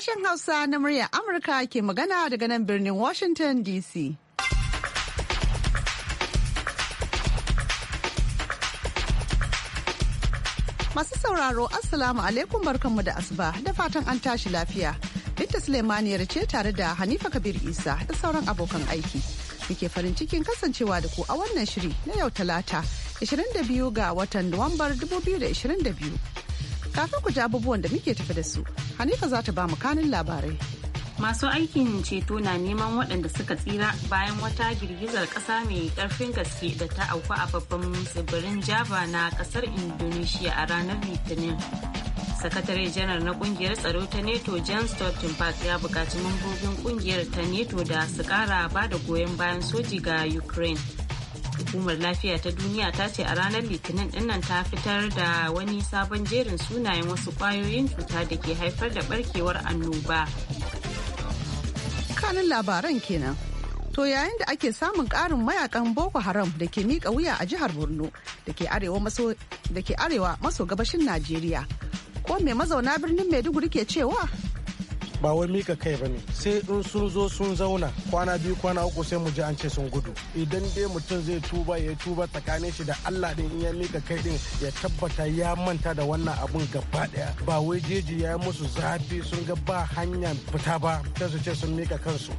sashen Hausa na muryar Amurka ke magana daga nan birnin Washington DC. Masu sauraro, Assalamu alaikum barkanmu da asuba da fatan an tashi lafiya. Binta Suleimaniyar ce tare da Hanifa Kabir Isa da sauran abokan aiki. Muke farin cikin kasancewa da ku a wannan shiri na yau talata 22 ga watan Nuwambar 2022. Kafin ku ji abubuwan da muke tafi da su, Hanifa za ta ba mu kanin labarai. Masu aikin ceto na neman waɗanda suka tsira bayan wata girgizar ƙasa mai ƙarfin gaske da ta auku a babban tsibirin Java na ƙasar Indonesia a ranar Litinin. sakatare janar na kungiyar tsaro ta neto john park ya bukaci mambobin kungiyar ta neto da su ƙara ba da goyon bayan soji ga ukraine hukumar lafiya ta duniya ta ce a ranar litinin dinnan ta fitar da wani sabon jerin sunayen wasu kwayoyin cuta da ke haifar da barkewar annoba kanin labaran kenan to yayin da ake samun karin mayakan boko haram da ke mika wuya a jihar borno da ke arewa maso gabashin najeriya ko mai mazauna birnin maiduguri ke cewa ba wai mika kai ba ne sai in sun zo sun zauna kwana biyu kwana uku sai mu ji an ce sun gudu idan dai mutum zai tuba ya tuba tsakanin shi da allah din in ya mika kai din ya tabbata ya manta da wannan abun gaba daya ba wai jeji ya musu zafi sun ga ba hanyar fita ba sai su ce sun mika kansu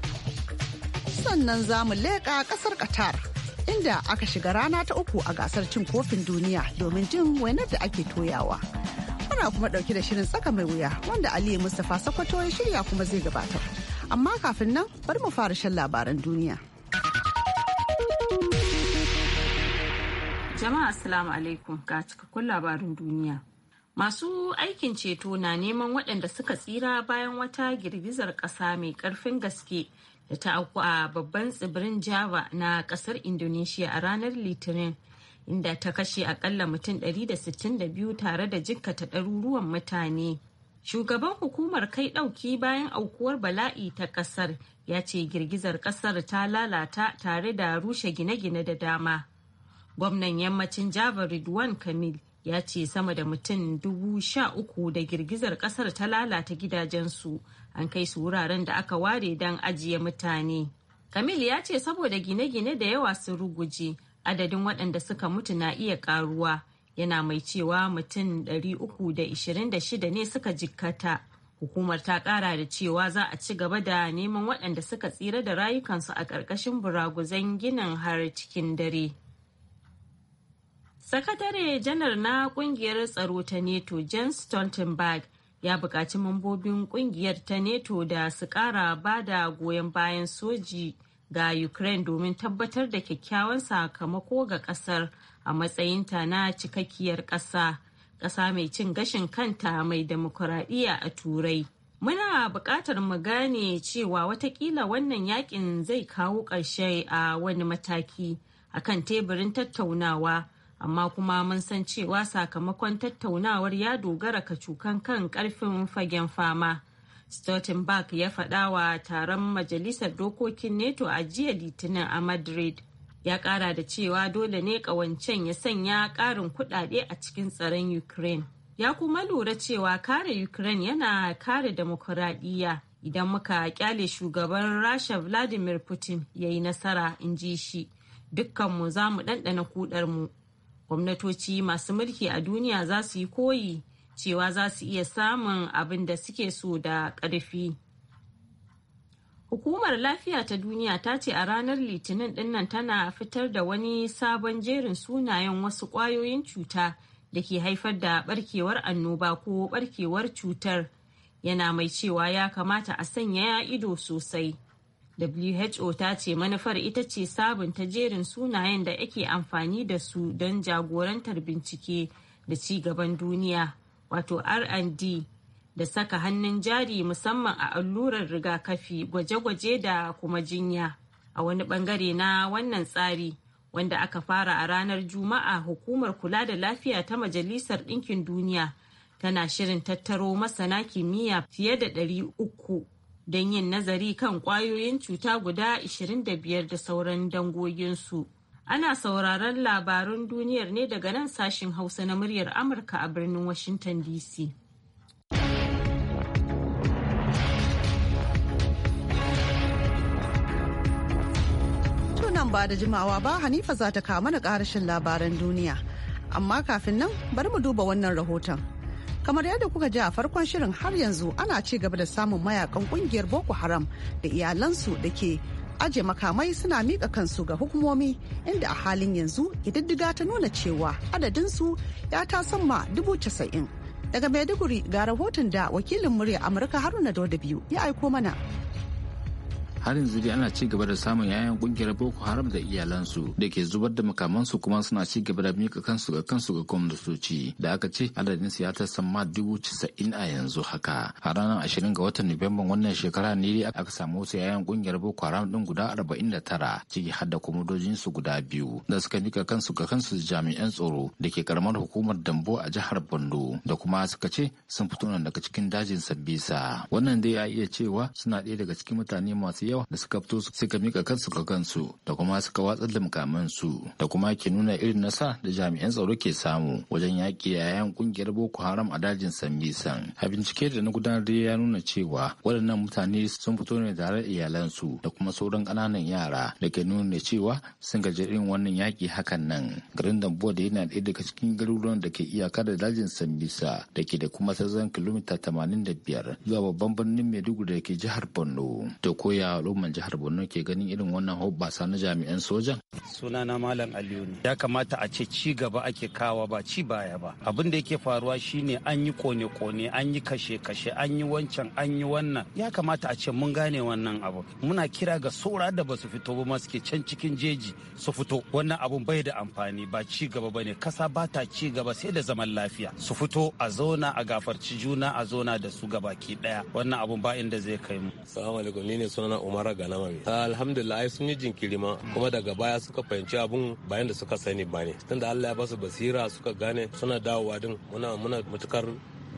sannan za mu leƙa ƙasar qatar inda aka shiga rana ta uku a gasar cin kofin duniya domin jin wainar da ake toyawa. muna kuma dauke da shirin tsaka mai wuya wanda aliyu mustafa sakwato ya shirya kuma zai gabata amma kafin nan bari mu fara shan labaran duniya jama'a assalamu alaikum ga cikakkun labarin duniya masu aikin ceto na neman waɗanda suka tsira bayan wata girgizar ƙasa mai ƙarfin gaske da ta auku a babban tsibirin java na ƙasar indonesia a ranar litinin inda ta kashe akalla mutum 162 tare da jikkata ɗaruruwan mutane. Shugaban hukumar kai ɗauki bayan aukuwar bala'i ta ƙasar ya ce girgizar ƙasar ta lalata tare da rushe gine-gine da dama. Gwamnan yammacin Java Ridwan Kamil ya ce sama da mutum dubu sha uku da girgizar ƙasar ta lalata gidajensu an kai su wuraren da aka ware don ajiye mutane. Kamil ya ce saboda gine-gine da yawa sun ruguje adadin waɗanda suka mutu na iya ƙaruwa yana mai cewa mutum 326 ne suka jikkata hukumar ta ƙara da cewa za a ci gaba da neman waɗanda suka tsira da rayukansu a ƙarƙashin buraguzan ginin har cikin dare sakatare janar na ƙungiyar tsaro ta neto james stoltenberg ya buƙaci mambobin ƙungiyar ta neto da su ƙara ba da goyon bayan soji ga Ukraine domin tabbatar da kyakkyawan sakamako ga kasar a matsayinta na cikakkiyar ƙasa, ƙasa mai cin gashin kanta mai demokuraɗiyya a Turai. Muna buƙatar mu gane cewa watakila wannan yakin zai kawo ƙarshe a wani mataki a kan teburin tattaunawa, amma kuma mun san cewa sakamakon tattaunawar ya dogara ka cukan kan ƙarfin fagen fama. Stoltenberg ya faɗa wa taron Majalisar Dokokin NATO a jiya Litinin a Madrid. Ya ƙara da cewa dole ne ƙawancen ya sanya ƙarin kuɗaɗe a cikin tsaron Ukraine. Ya kuma lura cewa kare Ukraine yana kare demokuraɗiyya idan muka ƙyale shugaban Rasha Vladimir Putin ya yi nasara, in ji shi. Dukkanmu za mu ɗanɗana kuɗarmu. Gwamnatoci masu mulki a duniya za su yi koyi cewa za su iya samun abin da suke so da ƙarfi. Hukumar Lafiya ta Duniya ta ce a ranar Litinin dinnan tana fitar da wani sabon jerin sunayen wasu ƙwayoyin cuta da ke haifar da ɓarkewar annoba ko ɓarkewar cutar yana mai cewa ya kamata a sanya ido sosai. WHO ta ce manufar ita ce sabunta jerin sunayen da ake amfani da su don jagorantar bincike da ci gaban duniya wato R&D da saka hannun jari musamman a allurar rigakafi gwaje-gwaje da kuma jinya a wani bangare na wannan tsari wanda aka fara a ranar juma'a hukumar kula da lafiya ta majalisar ɗinkin duniya tana shirin tattaro masana kimiyya fiye da ɗari uku don yin nazari kan ƙwayoyin cuta guda 25 da sauran dangoginsu. Ana sauraron labarun duniyar ne daga nan sashin Hausa na muryar Amurka a birnin Washington DC. Tunan ba da jimawa ba Hanifa za ta kama na karashin labaran duniya. Amma kafin nan bari mu duba wannan rahoton. kamar yadda kuka ji a farkon shirin har yanzu ana ci gaba da samun mayakan kungiyar boko haram da iyalansu da ke aje makamai suna miƙa kansu ga hukumomi inda a halin yanzu ƙididdiga ta nuna cewa adadinsu ya sama dubu casa'in. Daga Maiduguri ga rahoton da wakilin murya Amurka Haruna Dauda biyu ya aiko mana. har yanzu dai ana ci gaba da samun yayan kungiyar boko haram da iyalansu da ke zubar da makamansu kuma suna ci gaba da mika kansu ga kansu ga gwamnatoci da aka ce adadin su ya ta samma dubu casa'in a yanzu haka a ranar ashirin ga watan nuwamban wannan shekara ne aka samu wasu yayan kungiyar boko haram din guda arba'in da tara ciki har da su guda biyu da suka mika kansu ga kansu jami'an tsoro da ke karamar hukumar dambo a jihar bondo da kuma suka ce sun fito daga cikin dajin sabisa wannan dai ya iya cewa suna ɗaya daga cikin mutane masu yawa da suka fito suka mika kansu ga kansu da kuma suka watsa da mukamansu da kuma ke nuna irin nasa da jami'an tsaro ke samu wajen yaƙi yayan kungiyar Boko Haram a dajin Sambisan. A bincike da na gudanar da ya nuna cewa waɗannan mutane sun fito ne tare da iyalansu da kuma sauran ƙananan yara da ke nuna cewa sun gaji irin wannan yaƙi hakan nan. Garin Dambuwa da yana ɗaya daga cikin garuruwan da ke iyaka da dajin Sambisa da ke da kuma sazan kilomita 85 zuwa babban birnin Maiduguri da ke jihar Borno. Da koyawa al'umman jihar Borno ke ganin irin wannan hobbasa na jami'an sojan? Sunana Malam Aliyu ne. Ya kamata a ce ci gaba ake kawa ba ci baya ba. Abin da yake faruwa shine an yi kone-kone, an yi kashe-kashe, an yi wancan, an yi wannan. Ya kamata a ce mun gane wannan abu. Muna kira ga saura da ba fito ba suke can cikin jeji su fito. Wannan abun bai da amfani ba ci gaba ba Kasa ba ta ci gaba sai da zaman lafiya. Su fito a zauna a gafarci juna a zauna da su gabaki daya. Wannan abun ba inda zai kai mu. Assalamu alaikum ni ne sunana na mami ah, alhamdulillah sun yi jinkiri ma kuma daga baya suka fahimci abun bayan da suka sani ba ne tunda allah ya basu basira suka gane suna dawowa din muna muna matukar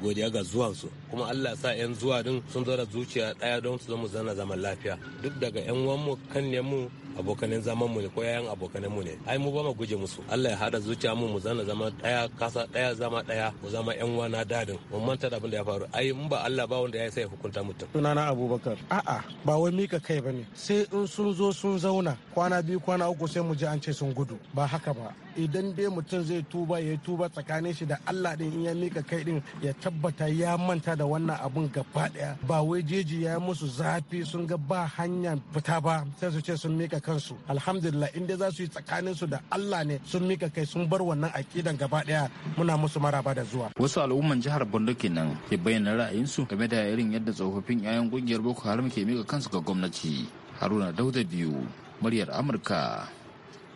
godiya ga zuwansu kuma Allah sa 'yan zuwa din sun zo da zuciya daya don su zama zana zaman lafiya duk daga 'yan wanmu kan mu abokanin zaman mu ne ko yayan abokanin mu ne ai mu ba mu guje musu Allah ya hada zuciya mu mu zana zama daya kasa daya zama daya mu zama yan wana dadin mu manta da abin da ya faru ai in ba Allah ba wanda ya sai hukunta mutum sunana Abubakar a'a ba wai mika kai bane sai in sun zo sun zauna kwana biyu kwana uku sai mu ji an ce sun gudu ba haka ba idan dai mutum zai tuba ya tuba tsakanin shi da Allah din in ya mika kai din ya tabbata ya manta da wannan abun gaba daya ba wai jeji ya musu zafi sun ga ba hanyar fita ba sai su ce sun mika kansu alhamdulillah in dai za su yi tsakanin su da Allah ne sun mika kai sun bar wannan akidan gaba daya muna musu maraba da zuwa wasu al'umman jihar Borno kenan ke bayyana ra'ayin su game da irin yadda tsofaffin 'ya'yan gungiyar Boko Haram ke mika kansu ga gwamnati Haruna Dauda biyu muryar Amurka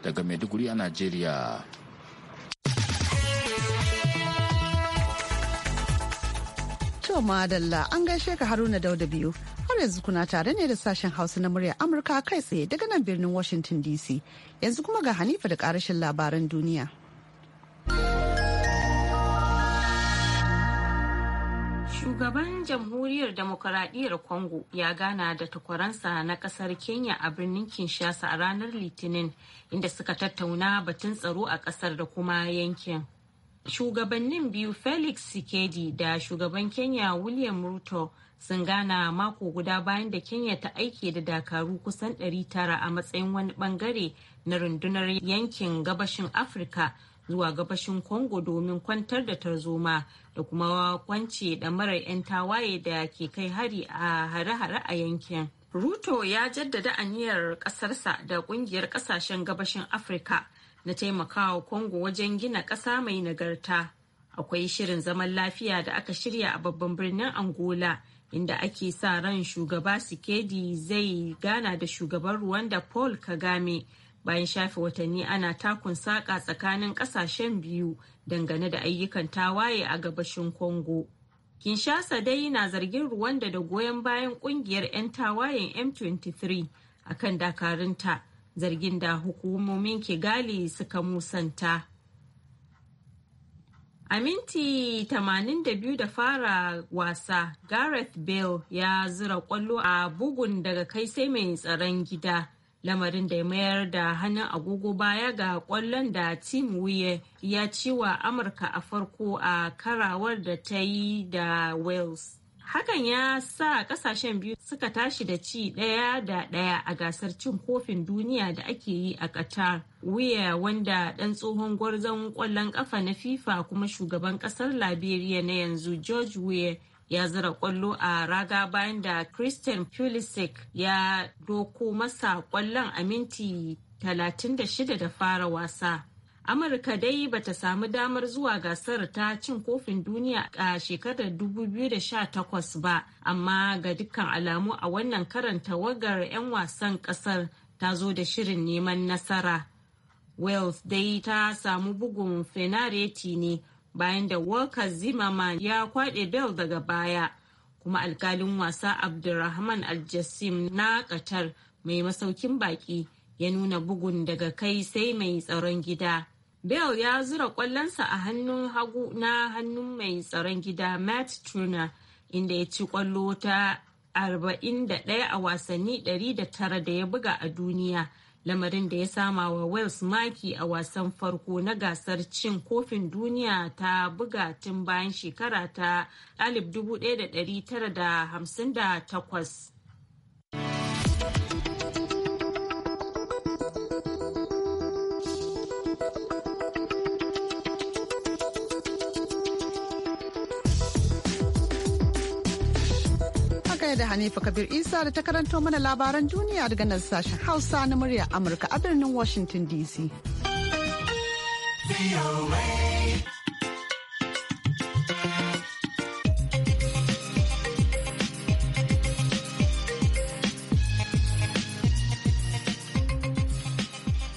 daga Maiduguri a Najeriya. To madalla an gaishe ka Haruna Dauda biyu. Har yanzu kuna tare ne da sashen Hausa na murya Amurka kai tsaye daga nan birnin Washington DC. Yanzu kuma ga Hanifa da karashin labaran duniya. Shugaban Jamhuriyar Demokuraɗiyyar Congo ya gana da takwaransa na ƙasar Kenya a birnin Kinshasa a ranar Litinin inda suka tattauna batun tsaro a ƙasar da kuma yankin. Shugabannin biyu Felix Sikedi da shugaban Kenya William Ruto sun gana mako guda bayan da Kenya ta aike da dakaru kusan 900 a matsayin wani bangare na rundunar yankin gabashin Afirka zuwa gabashin Congo domin kwantar da tarzoma da kuma kwance ɗamarar 'yan tawaye da ke kai hari a hare-hare a yankin. Ruto ya jaddada aniyar ƙasarsa da ƙungiyar ƙasashen gabashin Afirka na taimakawa Congo wajen gina ƙasa mai nagarta. Akwai shirin zaman lafiya da aka shirya a babban birnin Angola. inda ake sa ran shugaba Sikedi zai gana da shugaban Rwanda Paul Kagame bayan shafe watanni ana takun saƙa tsakanin ƙasashen biyu dangane da ayyukan tawaye a gabashin Congo. Kinshasa dai na zargin Rwanda da goyon bayan ƙungiyar 'yan tawayen M23 a kan dakarunta, zargin da hukumomin Kigali suka musanta. A minti 82 da fara wasa, Gareth Bale ya zura kwallo a bugun daga kai sai mai tsaron gida. lamarin da ya mayar da hannun agogo baya ga kwallon da tim wuye ya ci wa amurka a farko a karawar da ta yi da wales hakan ya sa kasashen biyu suka tashi da ci daya da daya a gasar cin kofin duniya da ake yi a qatar wuya wanda ɗan tsohon gwarzon ƙwallon ƙafa na fifa kuma shugaban ƙasar liberia na yanzu george weah ya zira kwallo a raga bayan da Christian Pulisic ya doko masa kwallon a minti 36 da fara wasa. Amurka dai bata samu damar zuwa gasar ta cin kofin duniya a shekarar 2018 ba, amma ga dukkan alamu a wannan karanta tawagar 'yan wasan kasar ta zo da shirin neman nasara. Wales dai ta samu bugun fenareti ne bayan da Walker Zimmerman ya kwaɗe bel daga baya. Kuma alkalin wasa Abdulrahman Aljassim na Qatar mai masaukin baki ya nuna bugun daga kai sai mai tsaron gida. Bell ya zura kwallonsa a hannun hagu na hannun mai tsaron gida Matt Turner inda ya ci kwallo ta 41 a wasanni 109 da ya buga a duniya. lamarin da ya sama wa wales maki a wasan farko na gasar cin kofin duniya ta buga tun bayan shekara ta 1958 da Hanifa Kabir Isa da ta karanto mana labaran duniya daga nan sashen Hausa na murya Amurka a birnin Washington DC.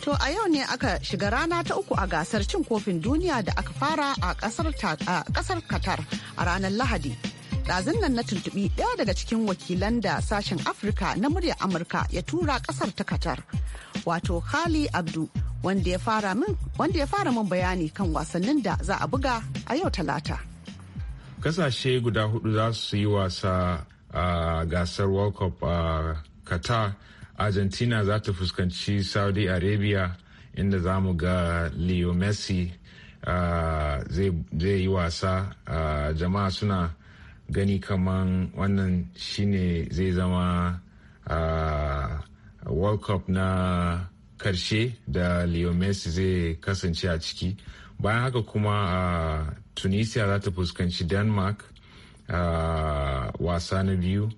To a yau ne aka shiga rana ta uku a gasar cin kofin duniya da aka fara a kasar Qatar a ranar Lahadi. ɗazun nan na tuntuɓi ɗaya daga cikin wakilan da sashen afirka na muryar amurka ya tura ƙasar ta katar wato khali abdu wanda ya fara min bayani kan wasannin da za a buga a yau talata kasashe guda hudu za su yi wasa a gasar world cup a qatar argentina za ta fuskanci saudi arabia inda za mu ga leo messi zai yi wasa jama'a suna gani kaman wannan shine zai zama uh, world cup na karshe da leo messi zai kasance a ciki bayan haka kuma a tunisia za ta fuskanci denmark uh, wasa na biyu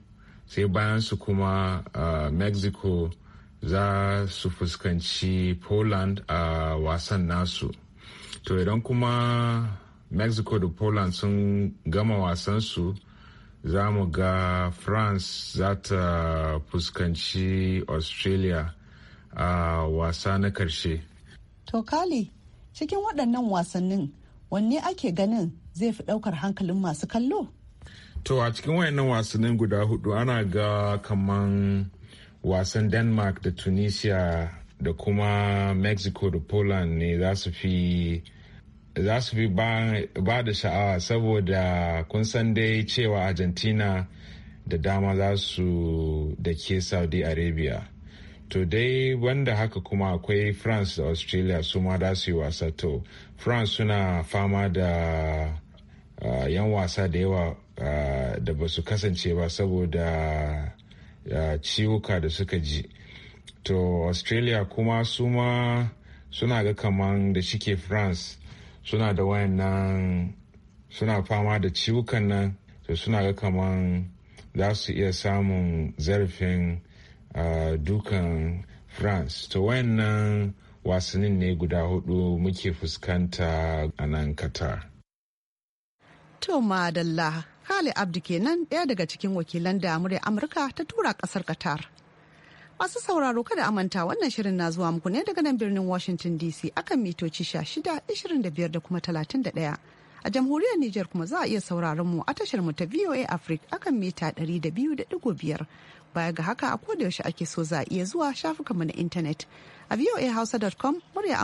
sai bayan su kuma uh, mexico za su fuskanci poland a uh, wasan nasu to idan kuma mexico da poland sun gama wasansu za mu ga france za ta fuskanci australia a wasa na karshe to kali cikin waɗannan wasannin wanne ake ganin zai fi ɗaukar hankalin masu kallo to a cikin wayannan wasannin guda hudu ana ga kaman wasan denmark da tunisia da kuma mexico da poland ne za su fi za su fi ba da sha'awa saboda kun san dai cewa argentina da dama za su da ke saudi arabia to dai wanda haka kuma akwai france da australia su ma da su yi wasa to france suna fama da uh, yan wasa da yawa da ba su kasance ba saboda uh, ciwuka da suka ji to australia kuma su ma suna ga kaman da shike france suna da wayannan suna fama da ciwukan nan to suna ga kaman za su iya samun zarafin ah, dukan france to wayannan wasannin ne guda hudu muke fuskanta a nan qatar to madalla hali Abdi kenan daya daga cikin wakilan da amurka ta tura kasar qatar Masu sauraro kada amanta wannan shirin na zuwa muku ne daga nan birnin Washington DC akan mitoci 16, ishirin da da kuma talatin da 31. a jamhuriyar Nijar kuma za a iya sauraron mu a tashar mu ta VOA Africa akan mita da da biyu biyar baya ga haka a koda yaushe ake so za a iya zuwa shafukan mu na intanet a voahausa.com murya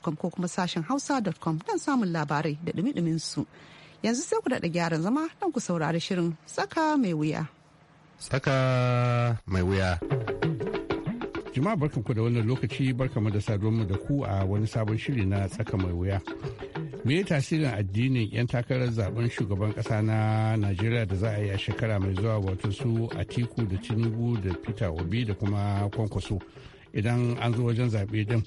ko kuma sashen hausa.com don samun labarai da dumi su yanzu sai ku daɗa gyaran zama don ku saurari shirin tsaka mai wuya tsaka mai wuya Jama'a barkanku da wannan lokaci barkanmu da mu da ku a wani sabon shiri na tsaka mai wuya. Me tasirin addinin 'yan takarar zaben shugaban kasa na Najeriya da za a yi a shekara mai zuwa wato su Atiku da Tinubu da Peter Obi da kuma Kwankwaso idan an zo wajen zaɓe din.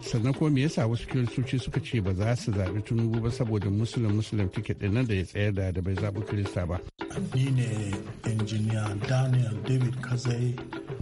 Sannan ko me yasa wasu kiristoci suka ce ba za su zaɓi Tinubu ba saboda musulun musulun tiket ɗin nan da ya tsayar da da bai zaɓi Kirista ba. Ni ne injiniya Daniel David Kazai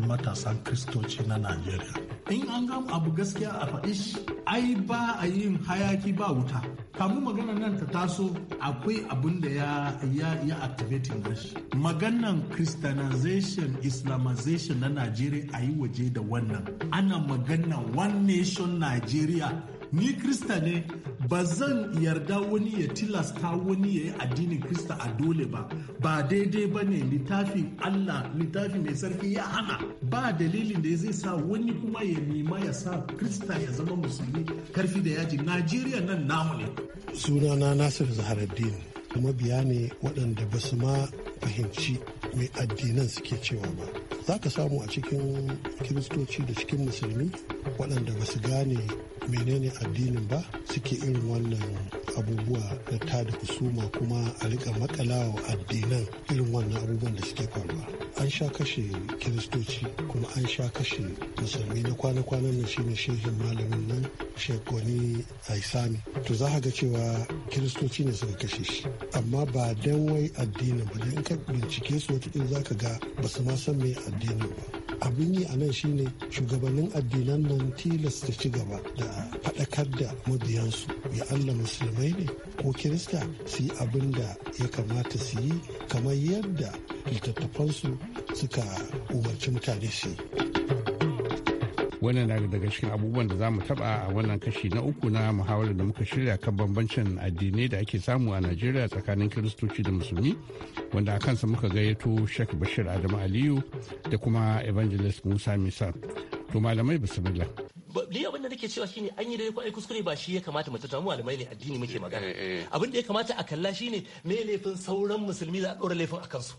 matasan kristoci na najeriya in an gama abu gaskiya a faɗi shi ai ba a yin hayaki ba wuta kamu magana nan ta taso akwai abin da ya ya ya activating shi maganan christianization islamization na najeriya a yi waje da wannan ana maganan one nation najeriya ni krista ne ba zan yarda wani ya tilasta wani ya yi addinin krista a dole ba ba daidai ba ne littafin allah littafi mai sarki ya hana ba dalilin da zai sa wani kuma ya nema ya sa krista ya zama musulmi karfi da yaji najeriya nan namu ne sunana nasir zaharaddin biya ne waɗanda ba su ma fahimci mai addinan suke cewa ba za ka samu a cikin kiristoci da cikin musulmi waɗanda ba su gane menene addinin ba suke irin wannan abubuwa da ta da husuma kuma a riƙa makalawa addinan irin wannan abubuwan da suke faruwa an sha kashe kiristoci kuma an sha kashe musulmi na kwana-kwanan nan shine shehin malamin nan shekoni aisami to za ga cewa kiristoci ne suka kashe shi amma ba dan wai addinin ba in ka bincike su wata za ka ga ba su ma san me addinin ba abin yi a nan shine shugabannin addinan nan tilasta ci gaba da faɗakar da mabiyansu ya allah musulmai ne ko kirista su yi abin da ya kamata su yi kamar yadda littattafansu suka umarci mutane su wannan na daga cikin abubuwan da za mu taba a wannan kashi na uku na muhawarar da muka shirya kan bambancin addinai da ake samu a najeriya tsakanin kiristoci da musulmi wanda a kansa muka gayyato shek bashir adamu aliyu da kuma evangelist musa misa to malamai bismillah ni abin da nake cewa shine an yi dai ko ai kuskure ba shi ya kamata mu tattauna malamai ne addini muke magana eh, eh, eh. abin da ya kamata a kalla shine me laifin sauran musulmi za a dora laifin a kansu.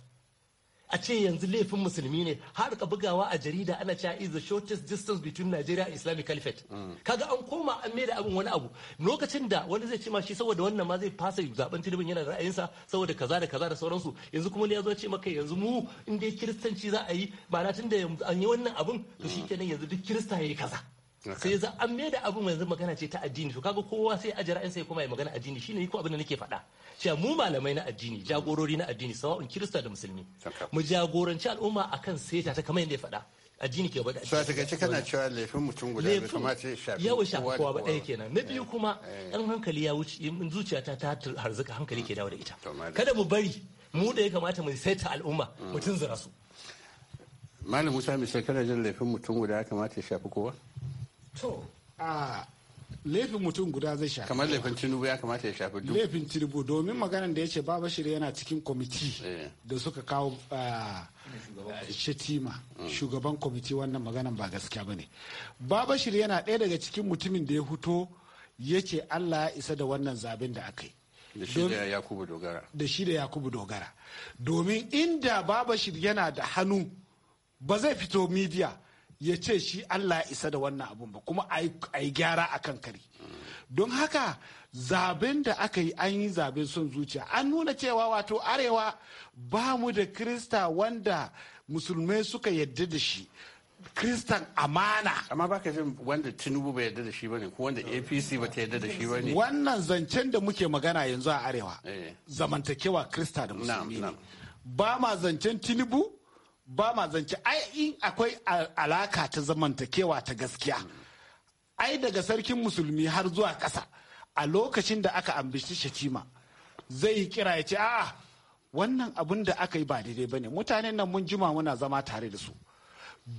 a ce yanzu laifin musulmi ne har ka bugawa a jarida ana cewa is the shortest distance between Nigeria and Islamic Caliphate mm. kaga an koma an da abin wani abu lokacin da wani zai ce ma shi saboda wannan ma zai fasa zaben tilibin yana da ra'ayinsa saboda kaza da kaza da sauransu yanzu kuma ne ya zo ce maka yanzu mu in dai kiristanci za a yi ba na tunda an yi wannan abun to shikenan yanzu duk kirista yayi kaza sai za an mai da abin yanzu magana ce ta addini to kaga kowa sai a jira'in sai kuma ya magana addini shine ko abin da nake faɗa cewa mu malamai na addini jagorori na addini sawa'un kirista da musulmi mu jagoranci al'umma akan seta ta kamar yadda ya faɗa addini ke bada sai daga cikin kana cewa laifin mutum guda bai kamata ya shafi yawa shafi kowa ba ɗaya kenan na biyu eh. kuma eh. ɗan hankali ya wuce in zuciyata ta harzuka hankali ke dawo da ita kada mu bari mu da ya kamata mu saita al'umma mutum zira su malam musa mai shekara jin laifin mutum guda ya kamata ya shafi kowa to a laifin mutum guda zai shafi kamar laifin tinubu ya kamata ya shafi duk laifin tinubu domin maganar da ya ce baba shirya yana cikin kwamiti eh. da suka kawo shatima mm. shugaban kwamiti wannan maganar ba gaskiya ba ne baba shirya yana ɗaya daga cikin mutumin da ya huto ya ce allah ya isa da wannan zaben da aka yi da shi da yakubu dogara da shi da yakubu dogara domin inda baba shirya yana da hannu ba zai fito midiya ya ce shi Allah ya isa da wannan abun ba kuma a yi gyara a kan kari don haka zaben da aka yi an yi zaben son zuciya an nuna cewa wato arewa ba mu da krista wanda musulmai suka yadda da shi kristan amana amma ba ka wanda tinubu ba yadda da shi bane ko wanda apc ba ta yadda da shi bane wannan zancen da muke magana yanzu a arewa eh. zamantakewa krista da musulmi ba ma zancen tinubu ba ma zance ai in akwai alaka ta zamantakewa ta gaskiya ai daga sarkin musulmi har zuwa ƙasa a lokacin da aka ambishi shatima zai yi kira ya ce a'a wannan abin da aka yi ba daidai ba ne mutanen nan mun jima muna zama tare da su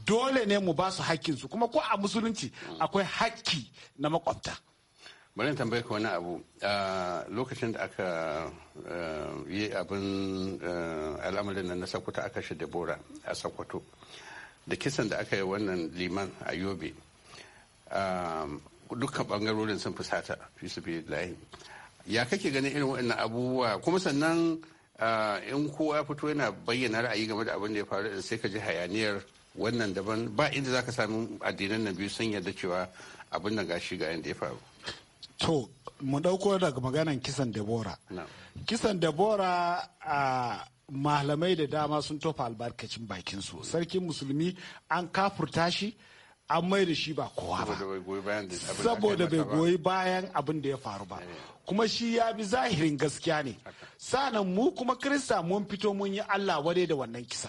dole ne mu ba su hakkinsu kuma ko a musulunci akwai hakki na makwabta bari tambaye ka wani abu lokacin da aka yi abin al'amarin nan na sakwata aka shi bora a sakwato da kisan da aka yi wannan liman a yobe dukkan bangarorin sun fusata fi su layi ya kake ganin irin waɗannan abubuwa kuma sannan in kowa ya fito yana bayyana ra'ayi game da abin da ya faru sai ka ji hayaniyar wannan daban ba inda za ka sami addinan na biyu sun yarda cewa abin da gashi ga yadda ya faru to mu ɗauko daga maganan kisan debora kisan debora a malamai da dama sun tofa albarkacin bakinsu sarkin musulmi an kafurta shi an mai da shi ba kowa ba saboda bai goyi bayan abin da ya faru ba eh. kuma shi ya bi zahirin gaskiya ne sanan mu kuma krista mun fito mun yi allah wadai da wannan kisa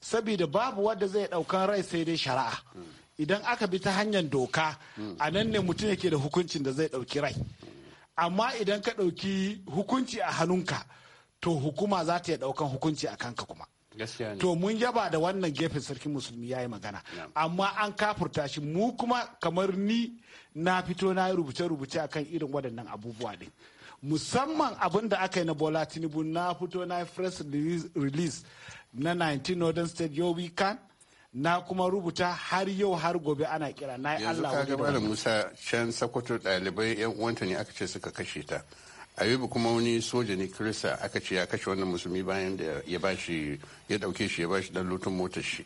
saboda babu wanda zai ɗaukan rai sai dai shari'a hmm. idan aka bi ta hanyar doka a nan ne mutum yake da hukuncin da zai ɗauki rai amma idan ka ɗauki hukunci a hannunka to hukuma za ta yi ɗaukan hukunci a kanka kuma to mun yaba da wannan gefen sarkin musulmi ya yi magana amma an kafurta shi mu kuma kamar ni na fito na rubuce-rubuce a kan irin waɗannan abubuwa ne musamman abin da aka yi na bola tinubu na fito na yi press release na 19 northern state yobi kan na kuma rubuta har yau har gobe ana kira na yi Allah wani da wani. Musa can Sokoto ɗalibai yan uwanta ne aka ce suka kashe ta. Ayubu kuma wani soja ne Kirista aka ce ya kashe wannan musulmi bayan da ya bashi ya dauke shi ya bashi dan lutun motar shi.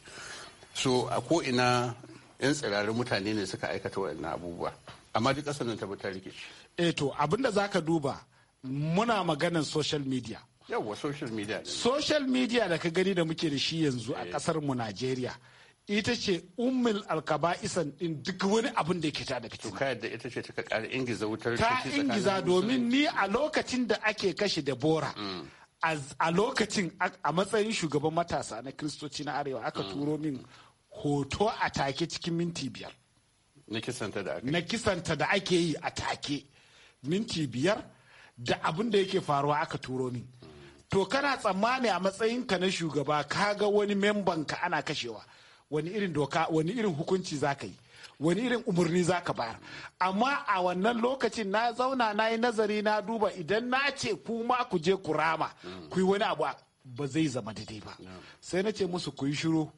So a ko ina yan tsirarin mutane ne suka aikata waɗannan abubuwa. Amma duk ƙasar nan ta bi ta rikici. Eh to abinda zaka duba muna maganar social media. yawwa social media social media da ka gani da muke da shi yanzu a kasar eh. mu Najeriya ita ce ummul isan din duk wani abin da ke ta da fitina. Tuka da ita ce ta ƙara ingiza wutar ta ingiza domin ni a lokacin da ake kashe da bora. Mm. A lokacin a matsayin shugaban matasa na kristoci na arewa aka mm. turo min hoto a take cikin minti biyar. Na kisanta da ake yi a take minti biyar da abin da yake faruwa aka turo min. Mm. To kana tsammani a matsayinka na shugaba ka ga wani ka ana kashewa. wani irin doka wani irin hukunci za ka yi wani irin umarni za ka bayar amma a wannan lokacin na zauna na yi nazari na duba idan na ce kuma ku je ku rama ku yi wani abu ba zai zama daidai ba sai na ce musu ku yi shiru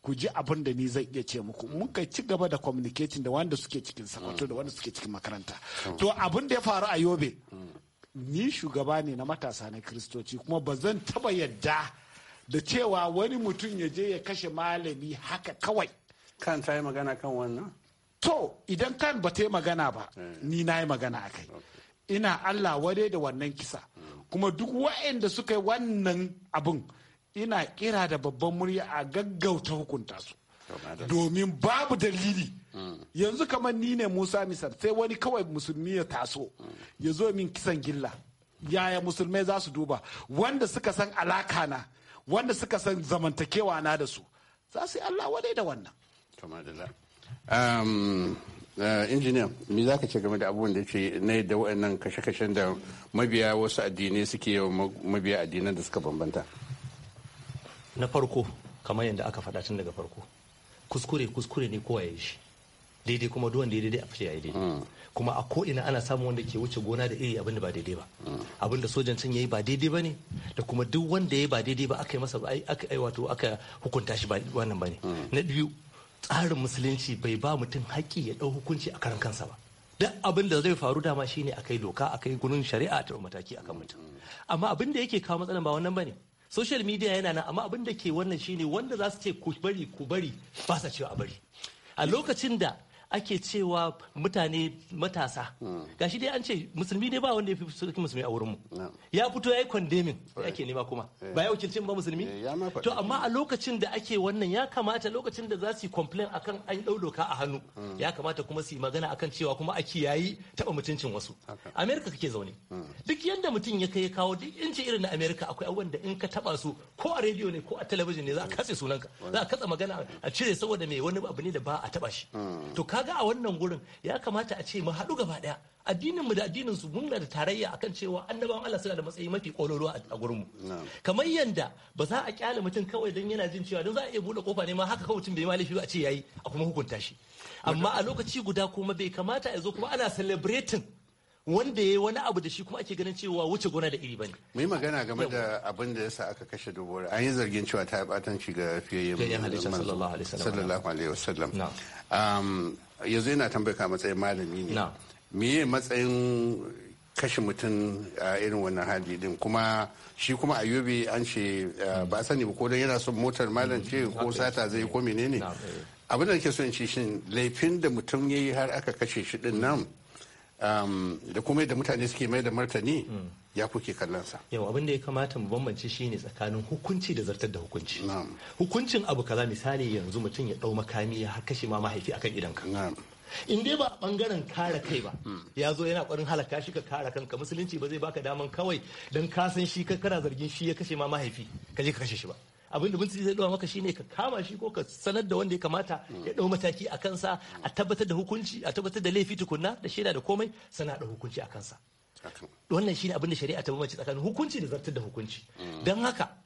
ku ji abin da ni zai iya ce muku muka ci gaba da communicating da wanda suke cikin sakwato da wanda suke cikin makaranta to abin da ya faru a yobe ni shugaba ne na matasa na kristoci kuma ba zan taba yadda da cewa wani mutum ya je ya kashe malami haka kawai kan ta yi magana kan wannan to idan kan ba ta yi magana ba eh. ni na yi magana a kai ina allah ware da wannan kisa hmm. kuma duk wa'inda suka yi wannan abin ina kira da babban murya a gaggauta hukunta su domin babu dalili hmm. yanzu kamar ni ne musa misar sai wani kawai musulmi ya taso hmm. ya zo min kisan gilla yaya musulmai za su duba wanda suka san alaka na wanda suka san zamantakewa na da su za su yi Allah wadai da wannan. Um, uh, injiniya me za ka ce game da abubuwan da ce na yadda waɗannan kashe-kashen da mabiya wasu addinai suke yawan mabiya addinan da suka bambanta na farko kamar yadda aka faɗa tun daga farko kuskure kuskure ne kowa ya shi daidai kuma duwan daidai a fiye ya yi daidai kuma a ko'ina ana samun wanda ke wuce gona da iri abinda ba daidai ba abinda sojan can yi ba daidai ba ne da kuma duk wanda ya ba daidai ba aka yi masa aka wato aka hukunta shi ba wannan ba ne na biyu tsarin musulunci bai ba mutum haƙƙi ya ɗau hukunci a karan kansa ba duk abin da zai faru dama shine kai doka akai gurin shari'a ta mataki akan mutum amma abin da yake kawo matsalan ba wannan ne. social media yana nan amma abin da ke wannan shine wanda za su ce ku bari ku bari ba sa cewa a bari a lokacin da ake cewa mutane matasa hmm. gashi dai an ce musulmi dai ba wanda ya fi sarkin musulmi a wurinmu ya fito ya yi kwandemin da ake nema kuma eh. ba ya wakilcin ba musulmi eh, to amma a lokacin da ake wannan ya kamata lokacin da za su yi complain akan an ɗau doka a hannu hmm. ya kamata kuma su yi magana akan cewa kuma a yayi taba mutuncin wasu amerika kake zaune hmm. duk yadda mutum ya kai kawo duk inci irin na amerika akwai abubuwan da in ka taba su ko a rediyo ne ko a talabijin ne za a katse sunanka za a katse magana a cire saboda mai wani abu ne da ba a taɓa shi kaga a wannan gurin ya kamata a ce mu haɗu gaba ɗaya addinin mu da addinin su mun da tarayya akan cewa annabawan Allah suna da matsayi mafi kololo a gurin mu kamar yanda ba za a kyale mutum kawai dan yana jin cewa dan za a iya bude kofa ne ma haka kawai mutum bai ma laifi a ce yayi a kuma hukunta shi amma a lokaci guda kuma bai kamata a zo kuma ana celebrating wanda ya wani abu da shi kuma ake ganin cewa wuce gona da iri bane. Mu yi magana game da abin da yasa aka kashe dubura. An yi zargin cewa ta yi batanci ga fiye yin sallallahu alaihi wasallam. Um, yanzu yana tambayaka matsayin malami ne meye matsayin kashe mutum a irin wannan hali din kuma shi kuma a an ce eh, ba sani ba ko dan yana son motar malam ce mm-hmm. ko sata zai ko menene eh. abin da nake so in shin laifin da mutum yayi har aka kashe shi din nan da kuma yadda mutane suke mai da martani ya kuke kallon sa yau abin da ya kamata mu bambance shine tsakanin hukunci da zartar da hukunci hukuncin abu kaza misali yanzu mutum ya dau makami ya har kashe ma mahaifi akan ka in dai ba bangaren kare kai ba ya zo yana ƙwarin halaka shi ka kare kanka musulunci ba zai baka daman kawai don kasan shi ka kara zargin shi ya kashe ma mahaifi ka je ka kashe shi ba abin da bincike zai dora maka shine ka kama shi ko ka sanar da wanda ya kamata ya dau mataki a kansa a tabbatar da hukunci a tabbatar da laifi tukunna da shaida da komai sana da hukunci a kansa wannan shine abin da shari'a ta bambance tsakanin hukunci da zartar da hukunci mm. don haka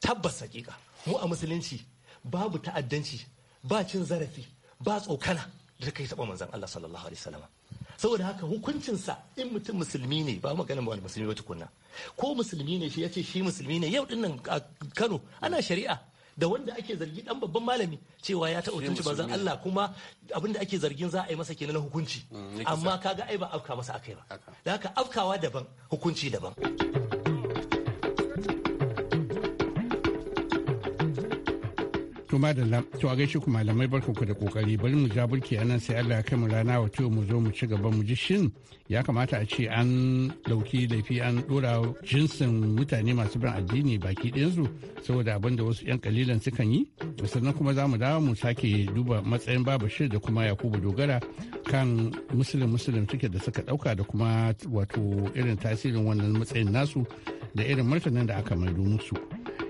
tabbas hakika mu a musulunci babu ta'addanci ba cin zarafi ba tsokana da kai taba manzon Allah sallallahu alaihi wasallam saboda haka hukuncinsa in mutum musulmi ne ba magana wani musulmi ba tukunna ko musulmi ne shi ya ce shi musulmi ne yau din nan a Kano ana shari'a da wanda ake zargi dan babban malami cewa ya taɓa tunci banzan Allah kuma abin da ake zargin za a yi masa kenan na hukunci mm, amma kaga ai ba afka masa akai ba da haka afkawa daban hukunci daban To madalla, to a gaishe ku malamai ku da kokari bari mu ja burki a nan sai Allah ya kai mu rana wato mu zo mu ci gaba mu ji shin ya kamata a ce an dauki laifi an dora jinsin mutane masu bin addini baki ɗayansu saboda abin da wasu 'yan kalilan sukan yi sannan kuma za mu dawo mu sake duba matsayin babu shir da kuma yakubu dogara kan musulun musulun suke da suka dauka da kuma wato irin tasirin wannan matsayin nasu da irin martanin da aka maido musu.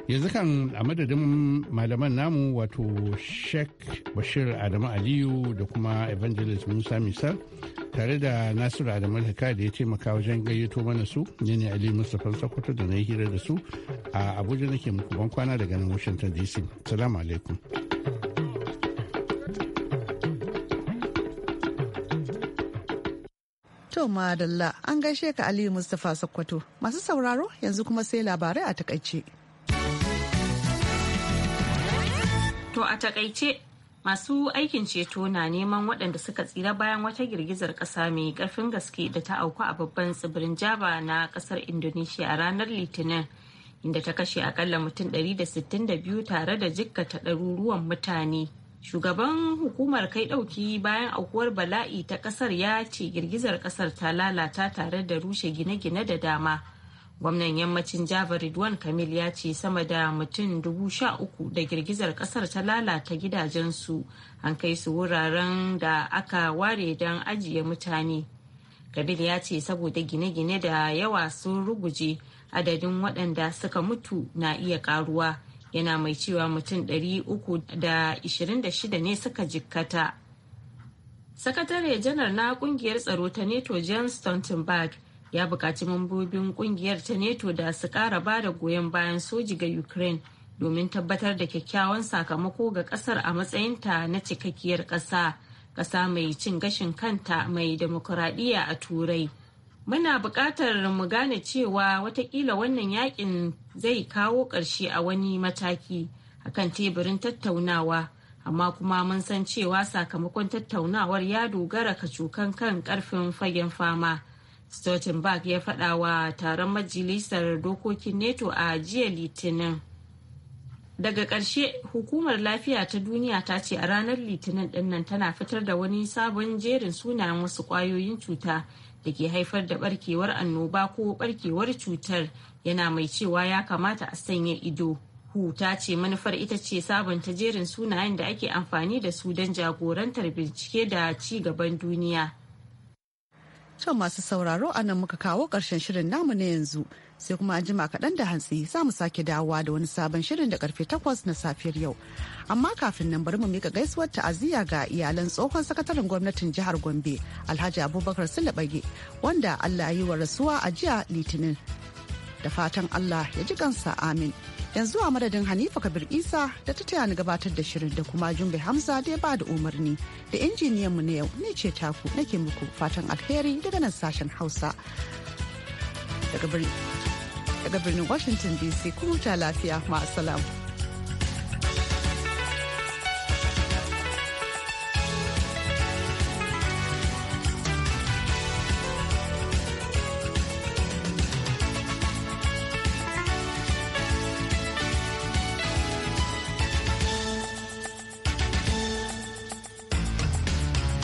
yanzu kan a madadin malaman namu wato sheikh bashir adamu aliyu da kuma evangelist musa misal tare da nasiru adamu hika da ya taimaka wajen gayyato mana su ne ne ali mustapha sokoto da na yi hira da su a abuja nake muku ban kwana daga nan washington dc salamu alaikum To madalla an gaishe ka Aliyu Mustapha Sokoto. Masu sauraro yanzu kuma sai labarai a takaice. To a takaice masu aikin ceto na neman waɗanda suka tsira bayan wata girgizar ƙasa mai ƙarfin gaske da ta auku a babban tsibirin Java na ƙasar Indonesia a ranar Litinin inda ta kashe akalla mutum 162 tare da jikkata ɗaruruwan mutane. Shugaban hukumar kai ɗauki bayan aukuwar bala'i ta ƙasar ya ce girgizar ƙasar ta lalata tare da rushe gine-gine da dama. gwamnan yammacin jabar ridwan kamil ya ce sama da mutum dubu sha uku da girgizar kasar ta lalata gidajensu an kai su wuraren da aka ware don ajiye mutane kabil ya ce saboda gine-gine da yawa sun ruguje adadin waɗanda suka mutu na iya karuwa yana mai cewa mutum ɗari uku da da ishirin shida ne suka jikkata sakatare janar na kungiyar tsaro ta neto john stoltenberg ya buƙaci mambobin ƙungiyar ta neto da su ƙara ba da goyon bayan soji ga ukraine domin tabbatar da kyakkyawan sakamako ga ƙasar a matsayinta na cikakkiyar ƙasa ƙasa mai cin gashin kanta mai demokuraɗiyya a turai muna buƙatar mu gane cewa watakila wannan yakin zai kawo ƙarshe a wani mataki akan teburin tattaunawa amma kuma mun san cewa sakamakon tattaunawar ya dogara ka kacokan kan ƙarfin fagen fama stoltenberg ya faɗa wa taron majalisar dokokin neto a jiya litinin daga ƙarshe hukumar lafiya ta duniya ta ce a ranar litinin dinnan tana fitar da wani sabon jerin sunayen wasu ƙwayoyin cuta da ke haifar da barkewar annoba ko ɓarkewar cutar yana mai cewa ya kamata a sanya ido hu ta ce manufar ita ce ta jerin sunayen da ake amfani da su don jagorantar bincike da ci gaban duniya To masu sauraro a nan muka kawo ƙarshen shirin namu na yanzu sai kuma an jima kaɗan da hantsi za mu sake dawowa da wani sabon shirin da karfe takwas na safiyar yau. Amma kafin nan bari mu mika gaisuwar ta'aziyya ga iyalan tsohon sakataren gwamnatin jihar Gombe Alhaji Abubakar Sule wanda Allah ya yi wa rasuwa a jiya Litinin. da fatan Allah ya ji kansa amin. Yanzu a madadin Hanifa Kabir Isa da ta taya ni gabatar da shirin da kuma Jumbe Hamza da ya bada umarni da injiniyan mu na yau ne ce taku nake muku fatan alheri daga nan sashen Hausa. Daga birnin Washington DC kuma ta lafiya ma'asalamu.